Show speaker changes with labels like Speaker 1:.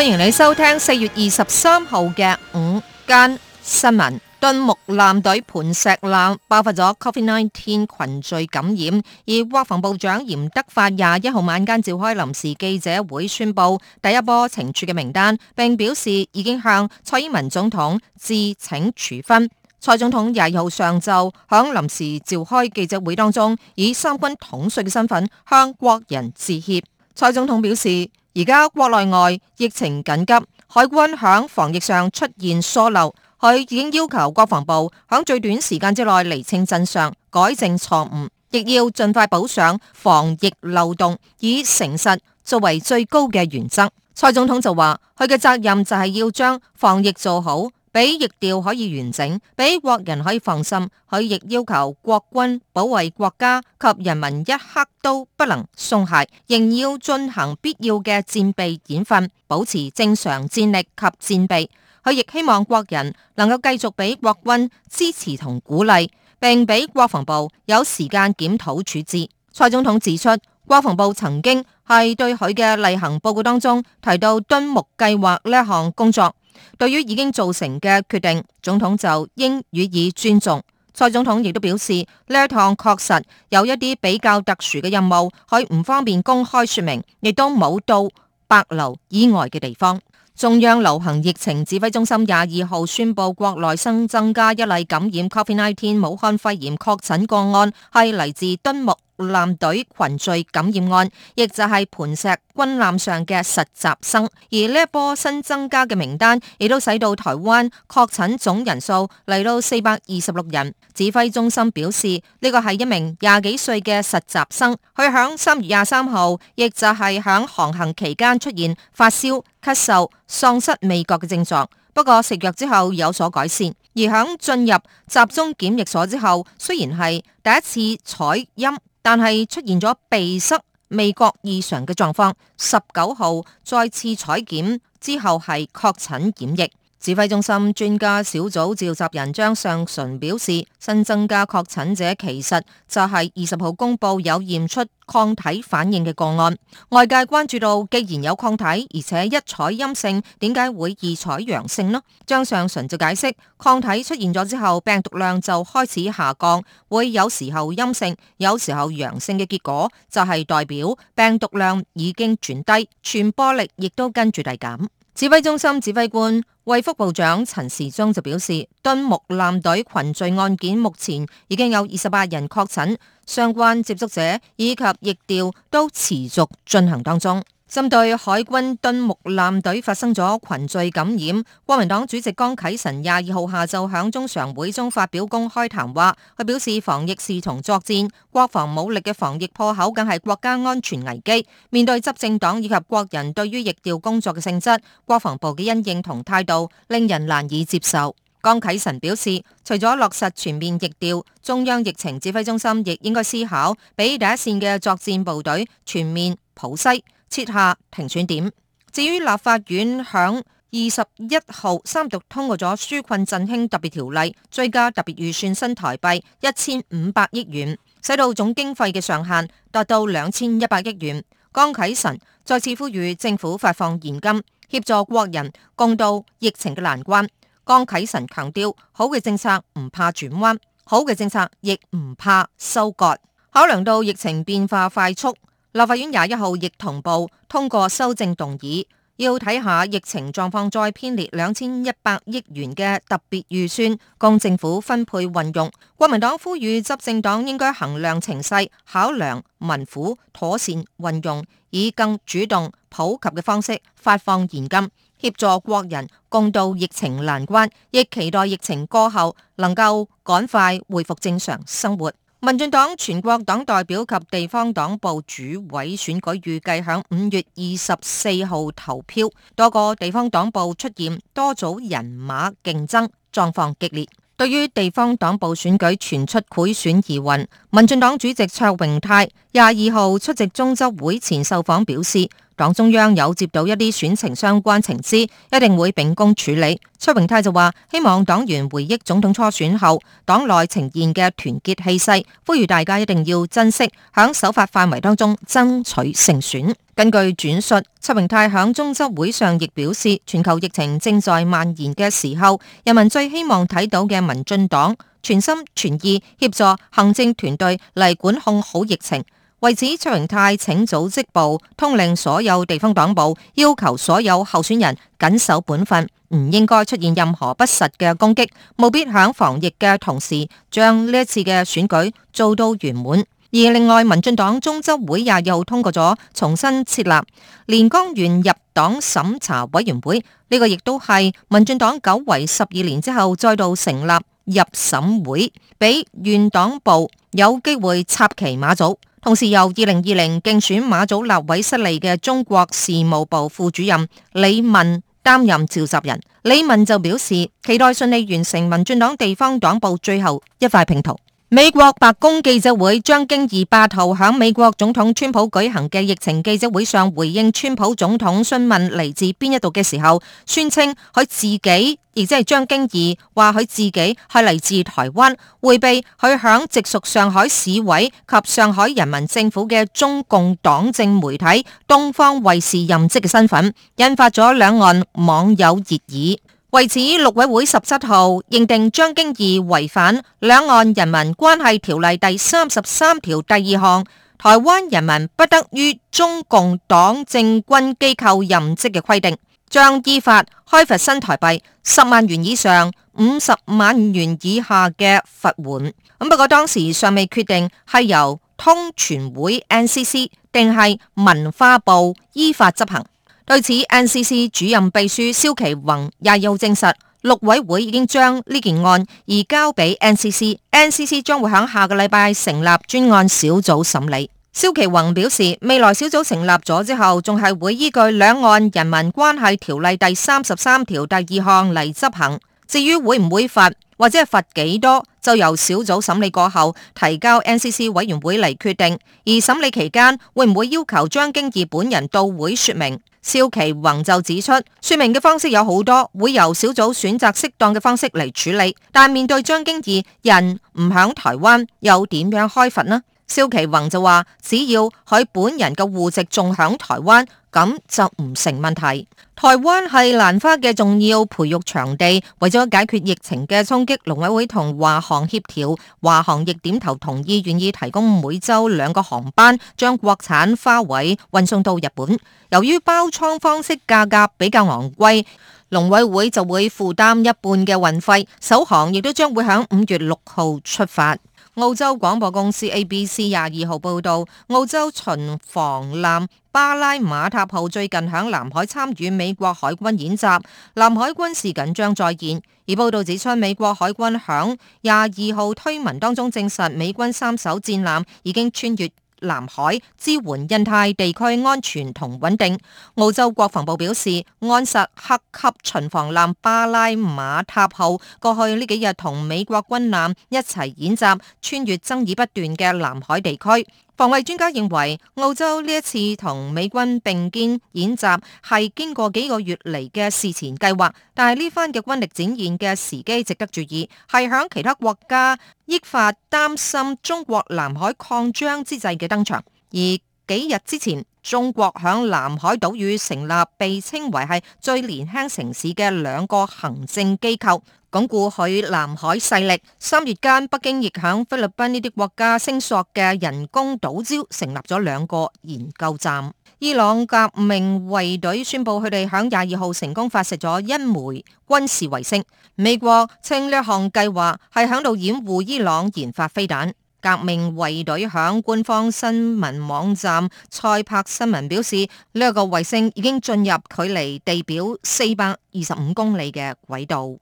Speaker 1: 歡迎你收聽四月二十三號嘅午間新聞。敦睦艦隊磐石艦爆發咗 Covid nineteen 群聚感染，而國防部長嚴德發廿一號晚間召開臨時記者會，宣佈第一波懲處嘅名單，並表示已經向蔡英文總統致請處分。蔡總統廿二號上晝響臨時召開記者會當中，以三軍統帥嘅身份向國人致歉。蔡總統表示。而家國內外疫情緊急，海軍響防疫上出現疏漏，佢已經要求國防部響最短時間之內厘清真相、改正錯誤，亦要盡快補上防疫漏洞，以誠實作為最高嘅原則。蔡總統就話：佢嘅責任就係要將防疫做好。俾疫調可以完整，俾國人可以放心。佢亦要求國軍保衛國家及人民，一刻都不能鬆懈，仍要進行必要嘅戰備演訓，保持正常戰力及戰備。佢亦希望國人能夠繼續俾國軍支持同鼓勵，並俾國防部有時間檢討處置。蔡總統指出，國防部曾經係對佢嘅例行報告當中提到敦睦計劃呢一項工作。對於已經做成嘅決定，總統就應予以尊重。蔡總統亦都表示，呢一趟確實有一啲比較特殊嘅任務，可以唔方便公開說明，亦都冇到帛琉以外嘅地方。中央流行疫情指揮中心廿二號宣布，國內新增加一例感染 Covid nineteen 武漢肺炎確診個案，係嚟自敦睦艦隊群聚感染案，亦就係磐石軍艦上嘅實習生。而呢一波新增加嘅名單，亦都使到台灣確診總人數嚟到四百二十六人。指揮中心表示，呢個係一名廿幾歲嘅實習生，佢響三月廿三號，亦就係響航行期間出現發燒。咳嗽、喪失味覺嘅症狀，不過食藥之後有所改善。而喺進入集中檢疫所之後，雖然係第一次採陰，但係出現咗鼻塞、味覺異常嘅狀況。十九號再次採檢之後係確診檢疫。指揮中心專家小組召集人張上淳表示，新增加確診者其實就係二十號公布有驗出抗體反應嘅個案。外界關注到，既然有抗體，而且一採陰性，點解會二採陽性呢？張上淳就解釋，抗體出現咗之後，病毒量就開始下降，會有時候陰性，有時候陽性嘅結果，就係、是、代表病毒量已經轉低，傳播力亦都跟住遞減。指揮中心指揮官衛福部長陳時中就表示，敦睦艦隊群聚案件目前已經有二十八人確診，相關接觸者以及疫調都持續進行當中。針對海軍敦睦艦隊發生咗群聚感染，國民黨主席江啟臣廿二號下晝響中常會中發表公開談話，佢表示防疫視同作戰，國防武力嘅防疫破口更係國家安全危機。面對執政黨以及國人對於疫調工作嘅性質，國防部嘅因應同態度令人難以接受。江啟臣表示，除咗落實全面疫調，中央疫情指揮中心亦應該思考，俾第一線嘅作戰部隊全面普篩。設下停損點。至於立法院響二十一號三讀通過咗紓困振興特別條例，追加特別預算新台幣一千五百億元，使到總經費嘅上限達到兩千一百億元。江啟臣再次呼籲政府發放現金，協助國人共度疫情嘅難關。江啟臣強調，好嘅政策唔怕轉彎，好嘅政策亦唔怕收割。考量到疫情變化快速。立法院廿一號亦同步通過修正動議，要睇下疫情狀況再編列兩千一百億元嘅特別預算供政府分配運用。國民黨呼籲執政黨應該衡量情勢，考量民苦，妥善運用，以更主動、普及嘅方式發放現金，協助國人共渡疫情難關。亦期待疫情過後能夠趕快恢復正常生活。民進黨全國黨代表及地方黨部主委選舉預計喺五月二十四號投票，多個地方黨部出現多組人馬競爭，狀況激烈。對於地方黨部選舉傳出賄選疑雲。民進黨主席卓榮泰廿二號出席中執會前受訪表示，黨中央有接到一啲選情相關情資，一定會秉公處理。卓榮泰就話，希望黨員回憶總統初選後，黨內呈現嘅團結氣勢，呼籲大家一定要珍惜，響守法範圍當中爭取勝選。根據轉述，卓榮泰響中執會上亦表示，全球疫情正在蔓延嘅時候，人民最希望睇到嘅民進黨，全心全意協助行政團隊嚟管控好疫情。為此，卓榮泰請組織部通令所有地方黨部，要求所有候選人謹守本分，唔應該出現任何不實嘅攻擊，務必響防疫嘅同時，將呢一次嘅選舉做到圓滿。而另外，民進黨中執會也又通過咗重新設立連江縣入黨審查委員會，呢、這個亦都係民進黨久違十二年之後再度成立。入審會，俾縣黨部有機會插旗馬祖，同時由二零二零競選馬祖立委失利嘅中國事務部副主任李文擔任召集人。李文就表示，期待順利完成民進黨地方黨部最後一塊拼圖。美國白宮記者會，張經義白頭喺美國總統川普舉行嘅疫情記者會上回應川普總統詢問嚟自邊一度嘅時候，宣稱佢自己，亦即係張經義話佢自己係嚟自台灣，回避佢響直屬上海市委及上海人民政府嘅中共黨政媒體東方衛視任職嘅身份，引發咗兩岸網友熱議。為此，陸委會十七號認定張經義違反《兩岸人民關係條例》第三十三條第二項，台灣人民不得於中共黨政軍機構任職嘅規定，將依法開罰新台幣十萬元以上、五十萬元以下嘅罰鍰。咁不過當時尚未決定係由通傳會 NCC 定係文化部依法執行。對此，NCC 主任秘書蕭其宏也有證實，陸委會已經將呢件案移交俾 NCC，NCC 將會喺下個禮拜成立專案小組審理。蕭其宏表示，未來小組成立咗之後，仲係會依據《兩岸人民關係條例》第三十三條第二項嚟執行。至於會唔會罰或者係罰幾多，就由小組審理過後提交 NCC 委員會嚟決定。而審理期間會唔會要求張經義本人到會說明？邵其宏就指出，說明嘅方式有好多，會由小組選擇適當嘅方式嚟處理。但面對張經義，人唔響台灣，又點樣開罰呢？蕭其宏就話：只要佢本人嘅戶籍仲響台灣，咁就唔成問題。台灣係蘭花嘅重要培育場地，為咗解決疫情嘅衝擊，農委會同華航協調，華航亦點頭同意，願意提供每周兩個航班，將國產花卉運送到日本。由於包艙方式價格比較昂貴，農委會就會負擔一半嘅運費。首航亦都將會響五月六號出發。澳洲廣播公司 ABC 廿二號報道，澳洲巡防艦巴拉馬塔號最近響南海參與美國海軍演習，南海軍事緊張再現。而報道指出，美國海軍響廿二號推文當中證實，美軍三艘戰艦已經穿越。南海支援印太地區安全同穩定。澳洲國防部表示，安薩克級巡防艦巴拉馬塔號過去呢幾日同美國軍艦一齊演習，穿越爭議不斷嘅南海地區。防衛專家認為，澳洲呢一次同美軍並肩演習係經過幾個月嚟嘅事前計劃，但係呢番嘅軍力展現嘅時機值得注意，係響其他國家益發擔心中國南海擴張之際嘅登場，而幾日之前。中國響南海島嶼成立被稱為係最年輕城市嘅兩個行政機構，鞏固佢南海勢力。三月間，北京亦響菲律賓呢啲國家聲索嘅人工島礁成立咗兩個研究站。伊朗革命衛隊宣布佢哋響廿二號成功發射咗一枚軍事衛星。美國稱呢項計劃係響度掩護伊朗研發飛彈。革命衛隊響官方新聞網站塞柏新聞表示，呢、這、一個衛星已經進入距離地表四百二十五公里嘅軌道。